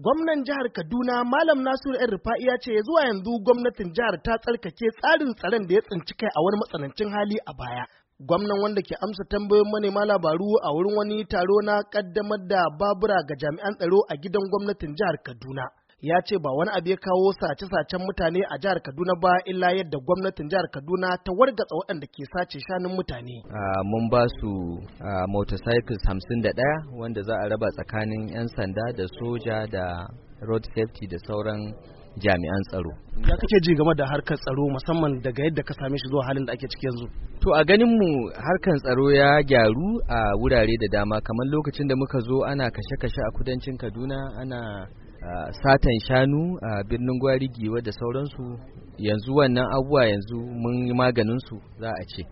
Gwamnan jihar Kaduna Malam Nasiru ‘yan Rufa'i ya ce ya zuwa yanzu gwamnatin jihar ta tsarkake tsarin tsaron da ya tsinci kai a wani matsanancin hali a baya. Gwamnan wanda ke amsa tambayoyin manema labaru a wurin wani taro na ƙaddamar da babura ga jami'an tsaro a gidan gwamnatin jihar Kaduna. ya ce ba wani abu ya kawo sace-sacen mutane a jihar Kaduna ba illa yadda gwamnatin jihar Kaduna ta wargatsa waɗanda ke sace shanun mutane. Mun ba su motorcycles hamsin da ɗaya wanda za a raba tsakanin 'yan sanda da soja da road safety da sauran jami'an tsaro. Ya kake ji game da harkar tsaro musamman daga yadda ka same shi zuwa halin da ake ciki yanzu? To a ganin mu harkar tsaro ya gyaru a wurare da dama kamar lokacin da muka zo ana kashe-kashe a kudancin Kaduna ana satan shanu a birnin Gwari da sauransu yanzu wannan abuwa yanzu mun yi maganinsu za a ce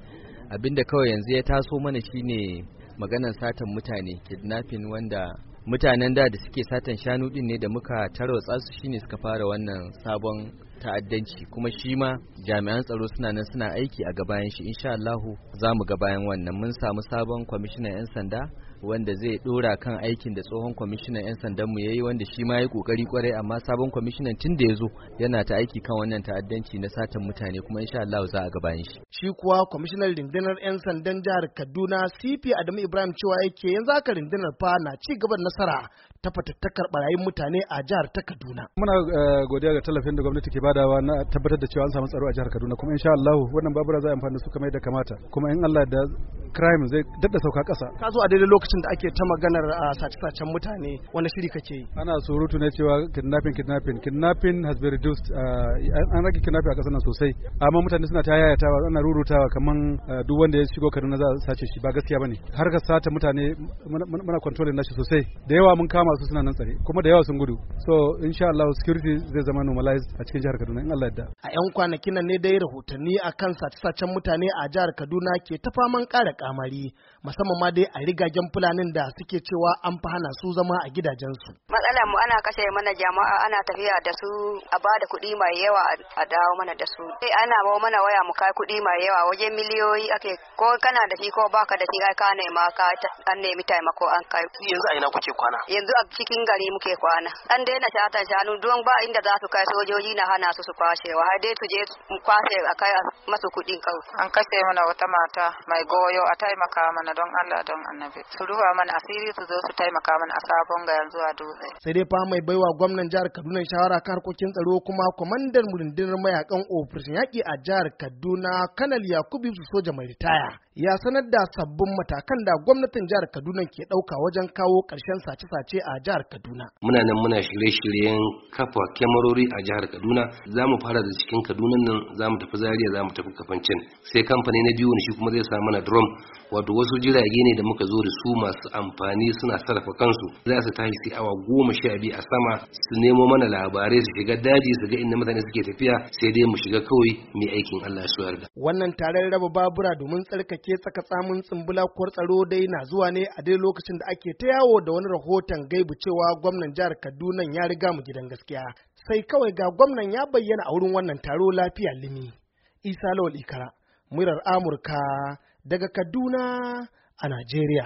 abinda kawai yanzu ya taso mana shine maganan satan mutane kidnapping wanda mutanen da da suke satan shanu din ne da muka tarwatsa su shine suka fara wannan sabon ta'addanci kuma shi ma jami'an tsaro suna nan suna aiki a gabayan shi insha Allahu za mu gabayan wannan mun samu sabon kwamishinan 'yan sanda wanda zai dora kan aikin da tsohon kwamishinan 'yan sandanmu ya yi wanda shi ma ya kokari kwarai amma sabon kwamishinan tun da ya zo yana ta aiki kan wannan ta'addanci na satan mutane kuma insha Allah za a bayan shi. Shi kuwa kwamishinan rundunar 'yan sandan jihar Kaduna CP Adamu Ibrahim cewa yake yanzu aka rundunar fa na ci gaban nasara ta fatattakar barayin mutane a jihar ta Kaduna. Muna eh, godiya ga tallafin da gwamnati ke badawa na tabbatar da cewa an samu tsaro a jihar Kaduna kuma insha Allah wannan babura za a amfani su kamar yadda kamata kuma in Allah da crime zai dadda sauka ƙasa. Ka zo a daidai lokacin da ake ta maganar ah, sace-sacen mutane wani shiri kake yi. Ana surutu ne cewa kidnapping kidnapping kidnapping has been reduced ah, an rage kidnapping a ƙasar nan sosai amma mutane suna ta yayatawa ana rurutawa kaman ah, duk wanda ya shigo Kaduna za a sace shi ba gaskiya bane. Harkar sata mutane muna controlling nashi sosai da yawa mun kama masu suna nan tsare kuma da yawa sun gudu so insha Allah security zai zama normalized a cikin jihar Kaduna in Allah yarda a yan kwanakin nan ne dai rahotanni akan sace-sacen mutane a jihar Kaduna ke ta faman ƙara kamari musamman ma dai a rigagen fulanin da suke cewa an fa hana su zama a gidajensu matsalar mu ana kashe mana jama'a ana tafiya da su a ba da kuɗi mai yawa a dawo mana da su sai eh, ana ba mana waya mu kai kuɗi mai yawa waje miliyoyi ake ko kana da shi ko baka da shi ai ka nema ka an nemi taimako an kai yanzu a ina kuke kwana yanzu a cikin gari muke kwana an daina shatan shanu don ba inda za su kai sojoji na hana su su kwashewa har dai su je kwashe a kai masu kuɗin kawai an kashe mana wata mata mai goyo a taimaka mana don Allah don annabi su ruwa mana asiri su zo su taimaka mana a sabon ga yanzu a dutse sai dai fa mai baiwa gwamnan jihar Kaduna shawara kan harkokin tsaro kuma kwamandan rundunar mayakan operation yaki a jihar Kaduna Kanal Yakubu Soja mai ritaya ya sanar da sabbin matakan da gwamnatin jihar Kaduna ke ɗauka wajen kawo ƙarshen sace-sace a a jihar Kaduna. Muna nan muna shirye-shiryen kafa kyamarori a jihar Kaduna za mu fara da cikin Kaduna nan za mu tafi Zaria za mu tafi Kafancin sai kamfani na biyu ne shi kuma zai sa mana drum wato wasu jirage ne da muka zo da su masu amfani suna sarrafa kansu za su tashi sai awa goma sha biyu a sama su nemo mana labarai su shiga daji su ga inda mutane suke tafiya sai dai mu shiga kawai mai aikin Allah su yarda. Wannan taron raba babura domin tsarkake tsaka tsamin tsumbula tsaro dai na zuwa ne a dai lokacin da ake ta yawo da wani rahoton gai shaibu cewa gwamnan jihar kaduna ya riga mu gidan gaskiya sai kawai ga gwamnan ya bayyana a wurin wannan taro lafiya limi isa lawal ikara murar amurka daga kaduna a najeriya